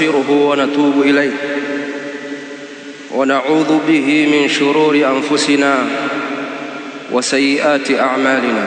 نستغفره ونتوب إليه ونعوذ به من شرور أنفسنا وسيئات أعمالنا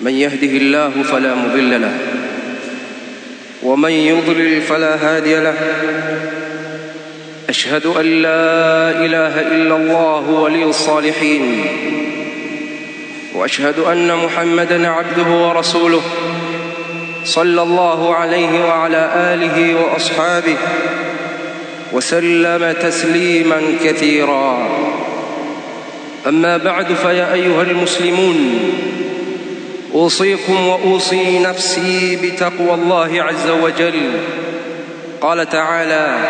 من يهده الله فلا مضل له ومن يضلل فلا هادي له أشهد أن لا إله إلا الله ولي الصالحين وأشهد أن محمدًا عبده ورسوله صلى الله عليه وعلى اله واصحابه وسلم تسليما كثيرا اما بعد فيا ايها المسلمون اوصيكم واوصي نفسي بتقوى الله عز وجل قال تعالى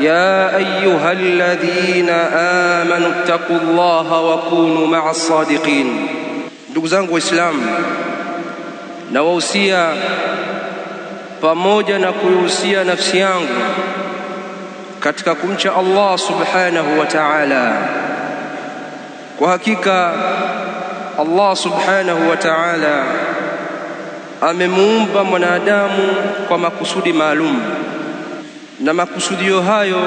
يا ايها الذين امنوا اتقوا الله وكونوا مع الصادقين دوزانغو اسلام na wahusia pamoja na kuihusia nafsi yangu katika kumcha Allah subhanahu wa ta'ala. Kwa hakika Allah subhanahu wa ta'ala amemuumba mwanadamu kwa makusudi maalum, na makusudio hayo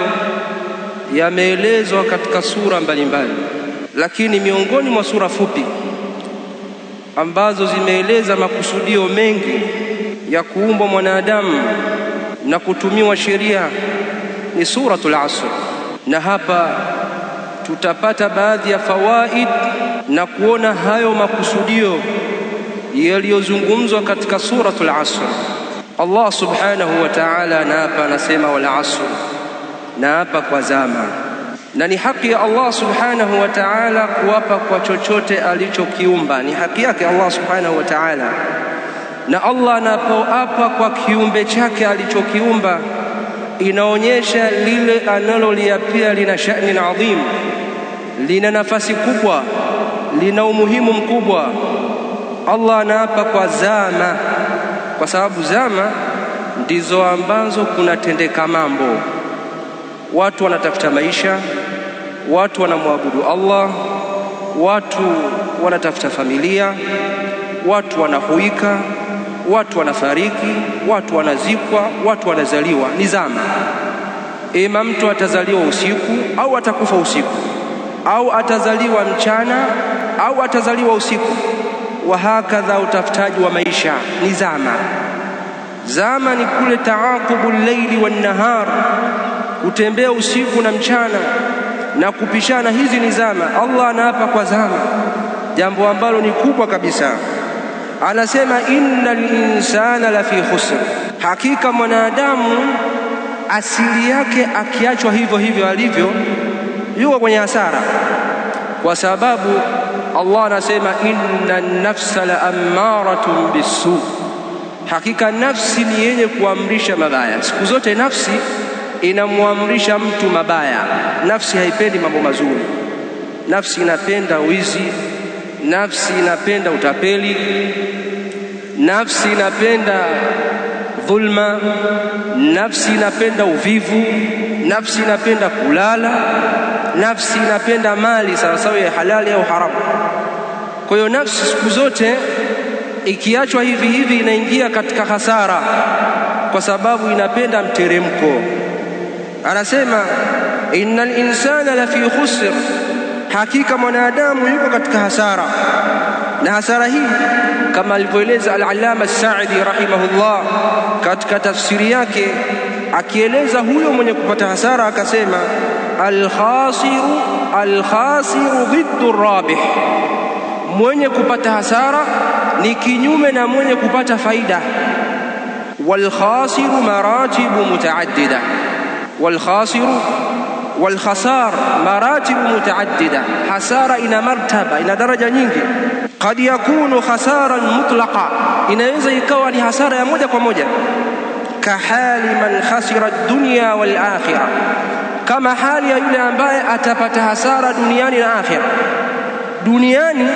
yameelezwa katika sura mbalimbali mbali. Lakini miongoni mwa sura fupi ambazo zimeeleza makusudio mengi ya kuumbwa mwanadamu na kutumiwa sheria ni Suratul Asr, na hapa tutapata baadhi ya fawaid na kuona hayo makusudio yaliyozungumzwa katika Suratul Asr. Allah subhanahu wa ta'ala, na hapa anasema wal asr, na hapa kwa zama na ni haki ya Allah subhanahu wa ta'ala kuwapa kwa chochote alichokiumba, ni haki yake Allah subhanahu wa ta'ala. Na Allah anapoapa kwa kiumbe chake alichokiumba, inaonyesha lile analoliapia lina sha'nin adhim, lina nafasi kubwa, lina umuhimu mkubwa. Allah anaapa kwa zama, kwa sababu zama ndizo ambazo kunatendeka mambo, watu wanatafuta maisha watu wanamwabudu Allah, watu wanatafuta familia, watu wanahuika, watu wanafariki, watu wanazikwa, watu wanazaliwa. Ni zama, ima mtu atazaliwa usiku au atakufa usiku, au atazaliwa mchana au atazaliwa usiku. Wahakadha, utafutaji wa maisha ni zama. Zama ni kule taakubu llaili nahar, kutembea usiku na mchana na kupishana hizi ni zama. Allah anaapa kwa zama, jambo ambalo ni kubwa kabisa. Anasema innal insana fi khusr, hakika mwanadamu asili yake akiachwa hivyo hivyo alivyo yuko kwenye hasara, kwa sababu Allah anasema inna nafsa la ammaratun bisu, hakika nafsi ni yenye kuamrisha mabaya siku zote nafsi inamwamrisha mtu mabaya. Nafsi haipendi mambo mazuri, nafsi inapenda wizi, nafsi inapenda utapeli, nafsi inapenda dhulma, nafsi inapenda uvivu, nafsi inapenda kulala, nafsi inapenda mali sawasawa ya halali au haramu. Kwa hiyo nafsi siku zote ikiachwa hivi hivi inaingia katika hasara, kwa sababu inapenda mteremko anasema innal insana fi khusr, hakika mwanadamu yuko katika hasara. Na hasara hii kama alivyoeleza al-Allama Saadi rahimahullah katika tafsiri yake, akieleza huyo mwenye kupata hasara akasema, alkhasiru alkhasiru dhiddu rabih, mwenye kupata hasara ni kinyume na mwenye kupata faida. Walkhasiru maratibu mutaaddida walkhasiru walkhasar maratibu mutaaddida, hasara ina martaba, ina daraja nyingi. Kad yakunu khasaran mutlaqa, inaweza ikawa ni hasara ya moja kwa moja. Kahali man khasira dunya wal akhira, kama hali ya yule ambaye atapata hasara duniani na akhira. Duniani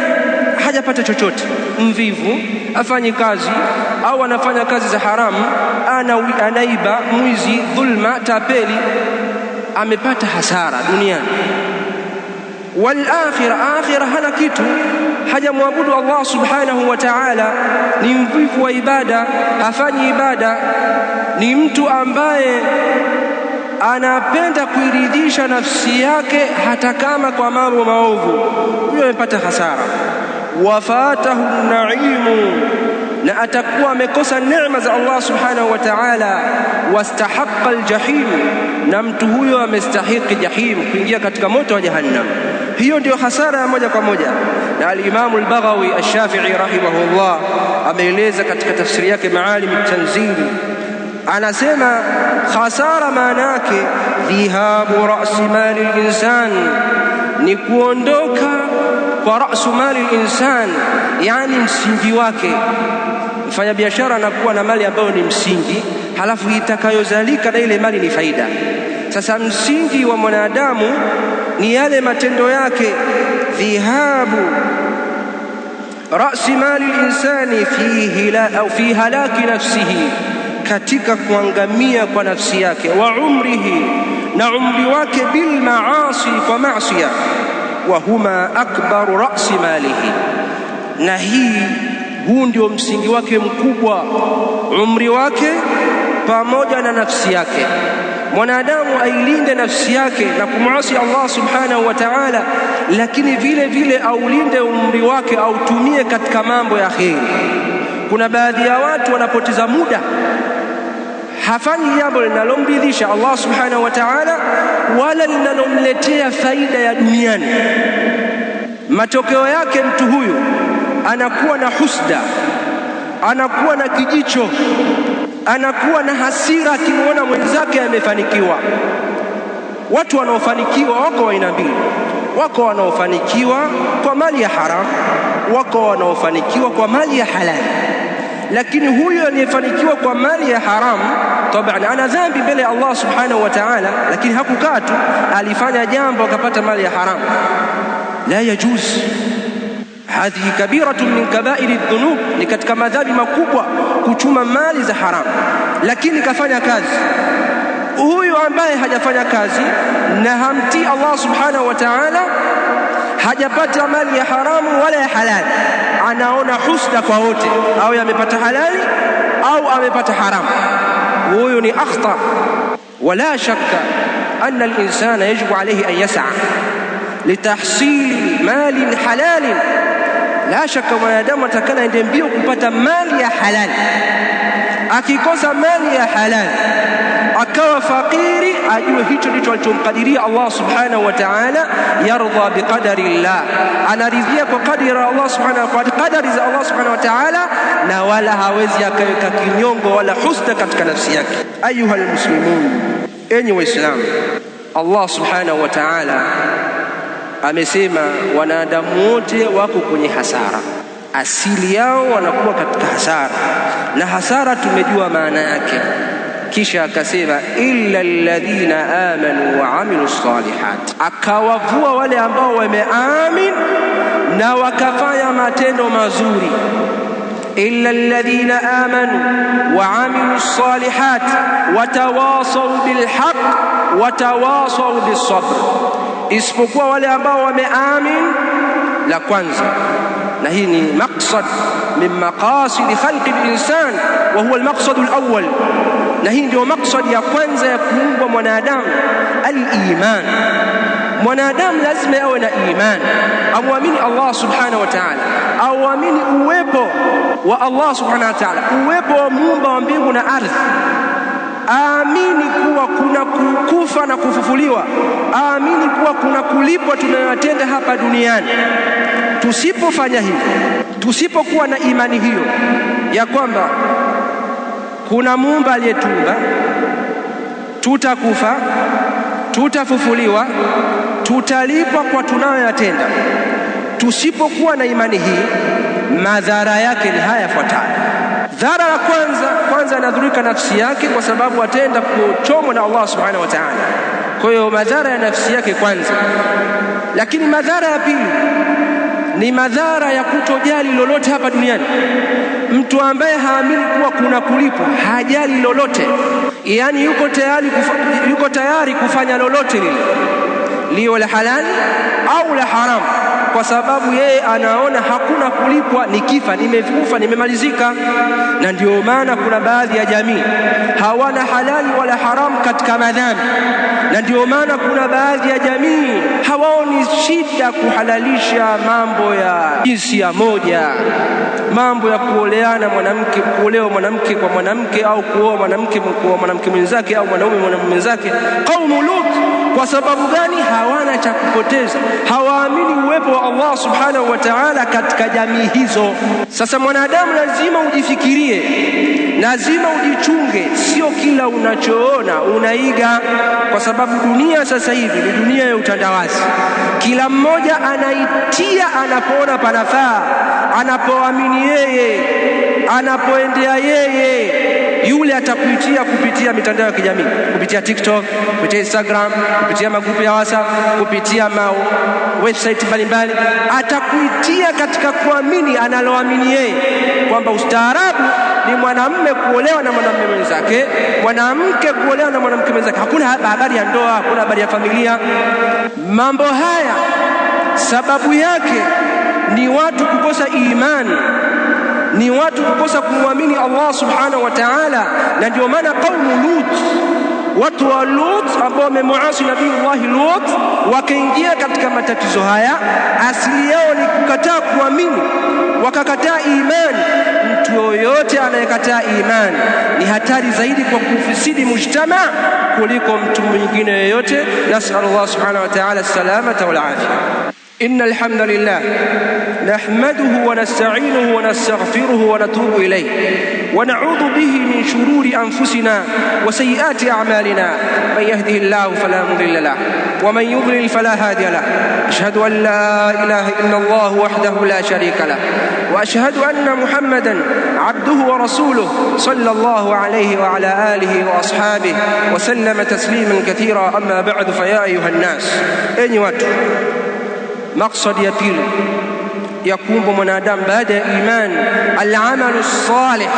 hajapata chochote, mvivu, afanyi kazi au anafanya kazi za haramu, anaiba, mwizi, dhulma, tapeli, amepata hasara duniani. Wal akhira, akhira hana kitu, hajamwabudu Allah subhanahu wa ta'ala, ni mvivu wa ibada, hafanyi ibada, ni mtu ambaye anapenda kuiridhisha nafsi yake hata kama kwa mambo maovu, huyo amepata hasara. Wafatahu naimu na atakuwa amekosa neema za Allah subhanahu wa ta'ala, wastahaqa aljahim, na mtu huyo amestahiki jahim, kuingia katika moto wa jahannam. Hiyo ndiyo hasara ya moja kwa moja. Na alimamu Albaghawi Alshafii rahimahullah ameeleza katika tafsiri yake Maalim Tanzil, anasema hasara maana yake dhihabu rasi mali linsan, ni kuondoka wa rasu mali linsan, yani msingi wake. Mfanyabiashara anakuwa na mali ambayo ni msingi, halafu itakayozalika na ile mali ni faida. Sasa msingi wa mwanadamu ni yale matendo yake. dhihabu rasi mali linsani fi halaki nafsihi, katika kuangamia kwa nafsi yake, wa umrihi, na umri wake, bilmaasi, kwa masia wa huma akbaru rasi malihi, na hii huu ndio msingi wake mkubwa, umri wake pamoja na nafsi yake. Mwanadamu ailinde nafsi yake na kumwasi Allah subhanahu wa ta'ala, lakini vile vile aulinde umri wake, autumie katika mambo ya kheri. Kuna baadhi ya watu wanapoteza muda hafanyi jambo linalomridhisha Allah subhanahu wa ta'ala, wala linalomletea faida ya duniani. Matokeo yake mtu huyu anakuwa na husda, anakuwa na kijicho, anakuwa na hasira akimwona mwenzake amefanikiwa. Watu wanaofanikiwa wako aina mbili, wako wanaofanikiwa kwa mali ya haramu, wako wanaofanikiwa kwa mali ya halali. Lakini huyo aliyefanikiwa kwa mali ya haramu Taban ana dhambi mbele ya Allah subhanahu wa ta'ala, lakini hakukaa tu, alifanya jambo akapata mali ya haramu. La yajuz, hadhihi kabiratu min kabairi dhunub, ni katika madhambi makubwa kuchuma mali za haramu, lakini kafanya kazi. Huyu ambaye hajafanya kazi na hamtii Allah subhanahu wa ta'ala, hajapata mali ya haramu wala ya halali, anaona husda kwa wote, au amepata halali au amepata haramu. ويني أخطأ ولا شك أن الإنسان يجب عليه أن يسعى لتحصيل مال حلال لا شك ما atakana تكلم mbio kupata مال يا حلال akikosa mali ya halali akawa fakiri, ajue hicho ndicho alichomkadiria Allah subhanahu wa ta'ala. Yardha biqadari llah, anaridhia kwa kadiri Allah subhanahu wa kadari za Allah subhanahu wa ta'ala, na wala hawezi akaweka kinyongo wala husda katika nafsi yake. Ayuha almuslimun, enyi Waislamu, Allah subhanahu wa ta'ala amesema wanadamu wote wako kwenye hasara asili yao wanakuwa katika hasara, na hasara tumejua maana yake. Kisha akasema illa alladhina amanu wa amilu salihat, akawavua wale ambao wameamin na wakafanya matendo mazuri. Illa alladhina amanu wa amilu salihat watawasau bilhaq watawasau bisabr, isipokuwa wale ambao wameamin. La kwanza na hii ni maqsad min maqasidi khalqi linsan wa huwa almaqsadu alawwal, na hii ndio maksadi ya kwanza ya kuumbwa mwanadamu aliman. Mwanadamu lazima yawe na iman, amwamini Allah subhanahu wa ta'ala, auamini uwepo wa Allah subhanahu wa ta'ala, uwepo wa muumba wa mbingu na ardhi aamini kuwa kuna kufa na kufufuliwa, aamini kuwa kuna kulipwa tunayoyatenda hapa duniani. Tusipofanya hivyo, tusipokuwa na imani hiyo ya kwamba kuna muumba aliyetuumba, tutakufa, tutafufuliwa, tutalipwa kwa tunayoyatenda, tusipokuwa na imani hii, madhara yake ni haya yafuatayo. Dhara la kwanza, kwanza anadhurika nafsi yake, kwa sababu ataenda kuchomwa na Allah subhanahu wa ta'ala. Kwa hiyo madhara ya nafsi yake kwanza, lakini madhara ya pili ni madhara ya kutojali lolote hapa duniani. Mtu ambaye haamini kuwa kuna kulipo, hajali lolote, yaani yuko tayari, yuko tayari kufanya lolote lile, liyo la halali au la haramu kwa sababu yeye anaona hakuna kulipwa, nikifa nimekufa, nimemalizika. Na ndio maana kuna baadhi ya jamii hawana halali wala haramu katika madhambi, na ndio maana kuna baadhi ya jamii hawaoni shida kuhalalisha mambo ya ya moja, mambo ya kuoleana mwanamke, kuolewa mwanamke kwa mwanamke, au kuoa mwanamke kwa mwanamke mwenzake, au mwanaume mwanaume mwenzake. Qaumu Lut kwa sababu gani? Hawana cha kupoteza, hawaamini uwepo wa Allah subhanahu wa ta'ala katika jamii hizo. Sasa mwanadamu lazima ujifikirie, lazima ujichunge, sio kila unachoona unaiga, kwa sababu dunia sasa hivi ni dunia ya utandawazi. Kila mmoja anaitia anapoona panafaa, anapoamini yeye anapoendea yeye yule atakuitia kupitia mitandao ya kijamii, kupitia TikTok, kupitia Instagram, kupitia magrupu ya WhatsApp, kupitia ma website mbalimbali, atakuitia katika kuamini analoamini yeye kwamba ustaarabu ni mwanamume kuolewa na mwanamume mwenzake, mwanamke kuolewa na mwanamke mwenzake. Hakuna habari ya ndoa, hakuna habari ya familia. Mambo haya sababu yake ni watu kukosa imani ni watu kukosa kumwamini Allah subhanahu wa ta'ala. Na ndio maana kaumu Lut, watu wa Lut ambao wamemuasi Nabiullahi Lut wakaingia katika matatizo haya, asili yao ni kukataa kuamini, wakakataa imani. Mtu yoyote anayekataa imani ni hatari zaidi kwa kufisidi mujtama kuliko mtu mwingine yoyote. Nasalullah subhanahu wa ta'ala salamata wal afia. Innal hamdalillah نحمده ونستعينه ونستغفره ونتوب إليه ونعوذ به من شرور أنفسنا وسيئات أعمالنا من يهده الله فلا مضل له ومن يضلل فلا هادي له أشهد أن لا إله إلا الله وحده لا شريك له وأشهد أن محمدا عبده ورسوله صلى الله عليه وعلى آله وأصحابه وسلم تسليما كثيرا أما بعد فيا أيها الناس أيها مقصد يا ya kuumbwa mwanadamu baada ya imani, alamalu salih,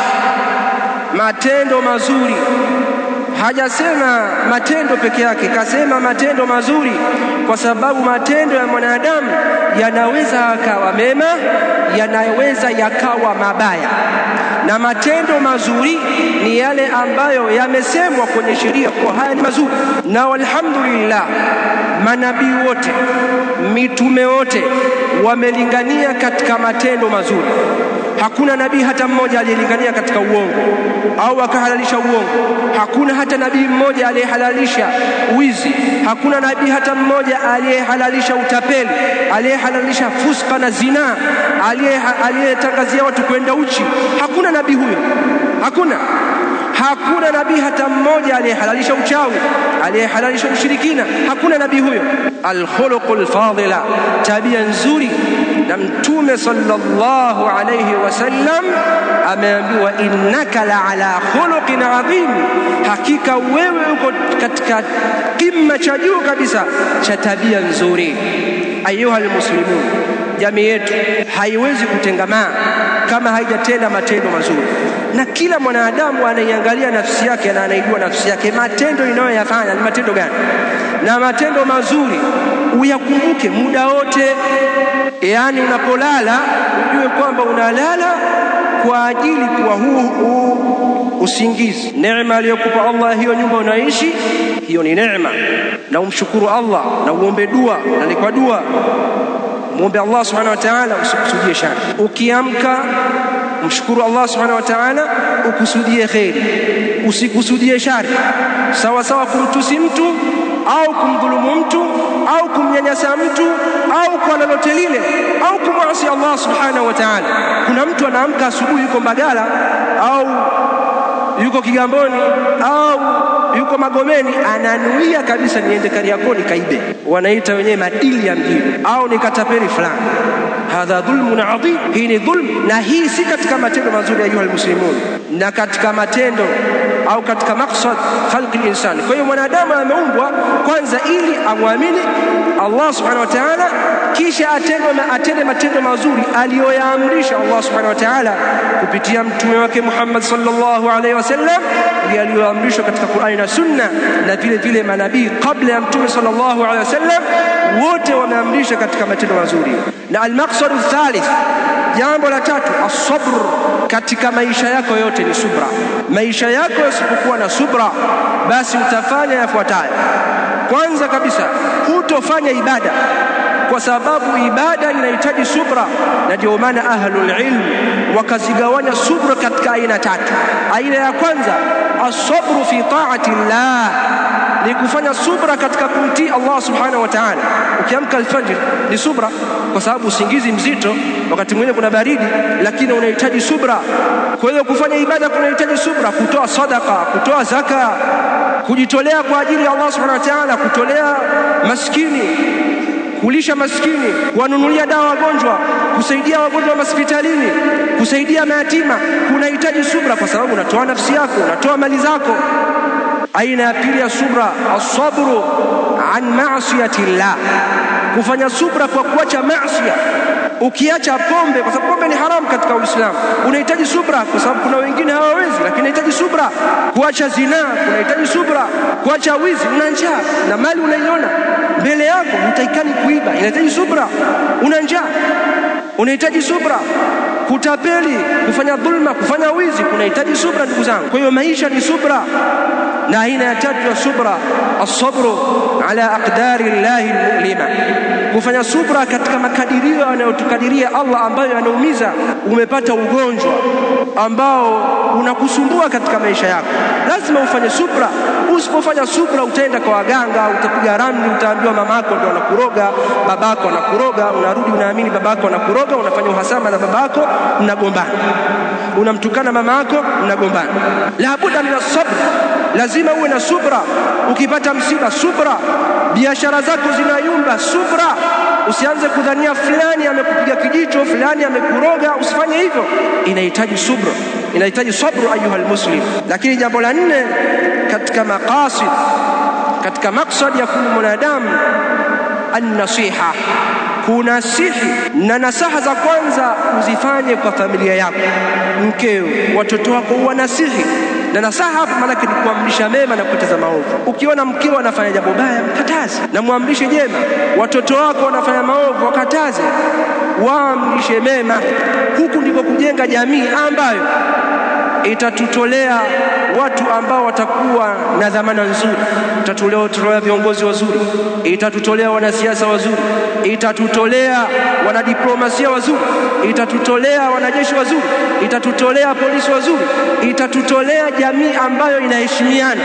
matendo mazuri hajasema matendo peke yake, kasema matendo mazuri, kwa sababu matendo ya mwanadamu yanaweza yakawa mema, yanaweza yakawa mabaya. Na matendo mazuri ni yale ambayo yamesemwa kwenye sheria kwa haya ni mazuri. Na walhamdulillah, manabii wote, mitume wote wamelingania katika matendo mazuri. Hakuna nabii hata mmoja aliyelingania katika uongo au akahalalisha uongo. Hakuna hata nabii mmoja aliyehalalisha wizi. Hakuna nabii hata mmoja aliyehalalisha utapeli, aliyehalalisha fuska na zinaa, aliyetangazia watu kwenda uchi. Hakuna nabii huyo, hakuna hakuna nabii hata mmoja aliyehalalisha uchawi, aliyehalalisha ushirikina. Hakuna nabii huyo. Alkhuluqul fadila, tabia nzuri na Mtume sallallahu alayhi wasallam ameambiwa, innaka la ala khuluqin adhim, hakika wewe uko katika kima cha juu kabisa cha tabia nzuri. Ayuha almuslimun, jamii yetu haiwezi kutengamaa kama haijatenda matendo mazuri, na kila mwanadamu anaiangalia nafsi yake na anaijua nafsi yake, matendo inayoyafanya ni matendo gani na matendo mazuri uyakumbuke muda wote, yaani unapolala ujue kwamba unalala kwa ajili kwa huu, huu usingizi neema aliyokupa Allah, hiyo nyumba unaishi hiyo ni neema, na umshukuru Allah na uombe dua, na ni kwa dua muombe Allah subhanahu wa ta'ala, usikusudie shari. Ukiamka mshukuru Allah subhanahu wa ta'ala, ukusudie kheri, usikusudie shari, sawasawa kumtusi mtu au kumdhulumu mtu au kumnyanyasa mtu au kwa lolote lile au kumwasi Allah subhanahu wa ta'ala. Kuna mtu anaamka asubuhi yuko Mbagala au yuko Kigamboni au yuko Magomeni, ananuia kabisa niende Kariakoo nikaibe, wanaita wenyewe madili ya mjini, au kataperi fulani. Hadha dhulmun adhim, hii ni dhulm, na hii si katika matendo mazuri, ayuha almuslimun, na katika matendo au katika maksad khalqi linsani. Kwa hiyo mwanadamu ameumbwa kwanza ili amwamini Allah subhanahu wa ta'ala kisha atende matendo mazuri aliyoyaamrisha Allah subhanahu wa ta'ala kupitia mtume wake Muhammad sallallahu alaihi wasallam, ndiye aliyoamrishwa katika Qur'ani na Sunna, na vile vile manabii kabla ya mtume sallallahu alaihi wasallam wote wameamrishwa katika matendo mazuri. Na almaqsadu thalith, jambo la tatu, as katika maisha yako yote ni subra. Maisha yako yasipokuwa na subra, basi utafanya yafuatayo. Kwanza kabisa, hutofanya ibada kwa sababu ibada inahitaji subra, na ndio maana ahlul ilm wakazigawanya subra katika aina tatu. Aina ya kwanza asabru fi taati llah, ni kufanya subra katika kumtii Allah subhanahu wa ta'ala. Ukiamka alfajr ni subra, kwa sababu usingizi mzito, wakati mwingine kuna baridi, lakini unahitaji subra. Kwa hiyo kufanya ibada kunahitaji subra, kutoa sadaka, kutoa zaka, kujitolea kwa ajili ya Allah subhanahu wa ta'ala, kutolea maskini kulisha maskini, kuwanunulia dawa wagonjwa, kusaidia wagonjwa hospitalini, kusaidia mayatima kunahitaji subra, kwa sababu unatoa nafsi yako, unatoa mali zako. Aina ya pili ya subra, asabru an masiyati llah, kufanya subra kwa kuacha masia ukiacha pombe, kwa sababu pombe ni haramu katika Uislamu, unahitaji subra, kwa sababu kuna wengine hawawezi, lakini unahitaji subra. Kuacha zinaa kunahitaji subra, kuacha wizi, una njaa na mali unaiona mbele yako, hutakikani kuiba, inahitaji subra. Una njaa, unahitaji subra kutapeli, kufanya dhulma, kufanya wizi kunahitaji subra, ndugu zangu. Kwa hiyo maisha ni subra, na aina ya tatu ya subra asabru ala aqdari llahi lmulima, kufanya subra katika makadirio anayotukadiria Allah ambayo yanaumiza. Umepata ugonjwa ambao unakusumbua katika maisha yako, lazima ufanye subra. Usipofanya subra, utaenda kwa waganga, utapiga ramli, utaambiwa mamako ndio anakuroga, babako anakuroga. Unarudi unaamini babako anakuroga, unafanya uhasama na babako, mnagombana, unamtukana mamako, mnagombana. La budda min sabr lazima uwe na subra. Ukipata msiba, subra. Biashara zako zinayumba, subra. Usianze kudhania fulani amekupiga kijicho, fulani amekuroga. Usifanye hivyo, inahitaji subra, inahitaji sabru, ayuha almuslim. Lakini jambo la nne katika maqasid, katika maksad ya kulu mwanadamu, annasiha kunasihi na nasaha za kwanza uzifanye kwa familia yako, mkeo, watoto wako, wanasihi na nasaha hapa maanake ni kuamrisha mema na kukataza maovu. Ukiona mkeo anafanya jambo baya, mkataze na mwamrishe jema. Watoto wako wanafanya maovu, wakataze, waamrishe mema. Huku ndiko kujenga jamii ambayo itatutolea watu ambao watakuwa na dhamana nzuri, itatutolea viongozi wazuri, itatutolea wanasiasa wazuri, itatutolea wanadiplomasia wazuri, itatutolea wanajeshi wazuri, itatutolea polisi wazuri, itatutolea jamii ambayo inaheshimiana,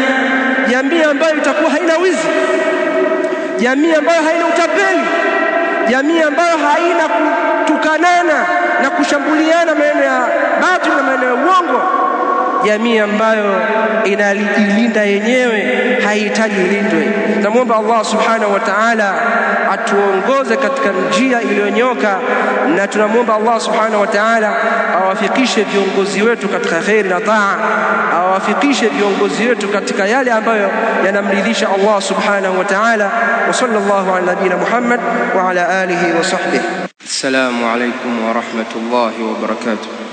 jamii ambayo itakuwa haina wizi, jamii ambayo haina utapeli, jamii ambayo haina kutukanana na kushambuliana maneno ya batu na maneno ya uongo jamii ambayo inajilinda yenyewe haihitaji ilindwe. Namwomba Allah subhanahu wa ta'ala atuongoze katika njia iliyonyoka, na tunamwomba Allah subhanahu wa ta'ala awafikishe viongozi wetu katika kheri na taa, awafikishe viongozi wetu katika yale ambayo yanamridhisha Allah subhanahu wa ta'ala. Wa sallallahu ala nabiyina Muhammad wa ala alihi wa sahbihi. Assalamu alaykum wa rahmatullahi wa barakatuh.